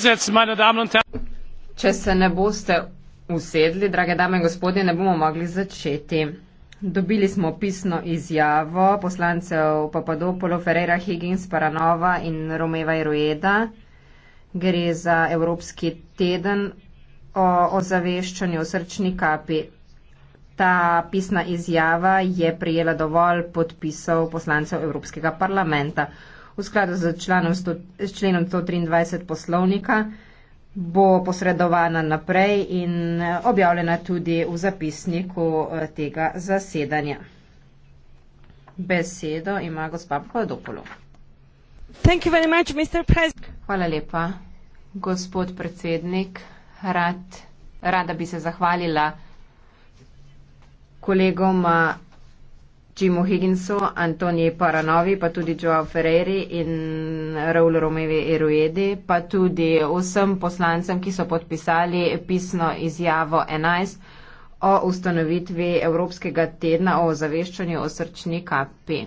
Če se ne boste usedli, drage dame in gospodje, ne bomo mogli začeti. Dobili smo pisno izjavo poslancev Papadopolo, Ferreira, Higgins, Paranova in Romeva Irueda. Gre za Evropski teden o ozaveščanju o srčni kapi. Ta pisna izjava je prijela dovolj podpisov poslancev Evropskega parlamenta v skladu z, sto, z členom 123 poslovnika bo posredovana naprej in eh, objavljena tudi v zapisniku eh, tega zasedanja. Besedo ima gospa Pavadopolo. Hvala lepa, gospod predsednik. Rad, rada bi se zahvalila kolegoma Jimu Higginsu, Antoniji Paranovi, pa tudi Joao Ferreri in Raul Romevi Erujedi, pa tudi vsem poslancem, ki so podpisali pisno izjavo 11 o ustanovitvi Evropskega tedna o ozaveščanju o srčni kapi.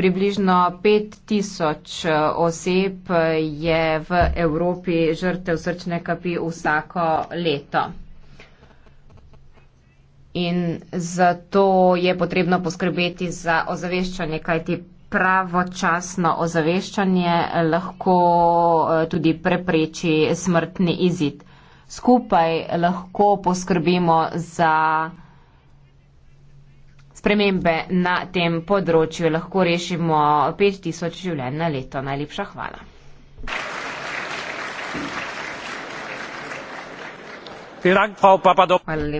Približno 5000 oseb je v Evropi žrtev srčne kapi vsako leto. In zato je potrebno poskrbeti za ozaveščanje, kajti pravočasno ozaveščanje lahko eh, tudi prepreči smrtni izid. Skupaj lahko poskrbimo za spremembe na tem področju, lahko rešimo 5000 življenj na leto. Najlepša hvala. Hvala lepa.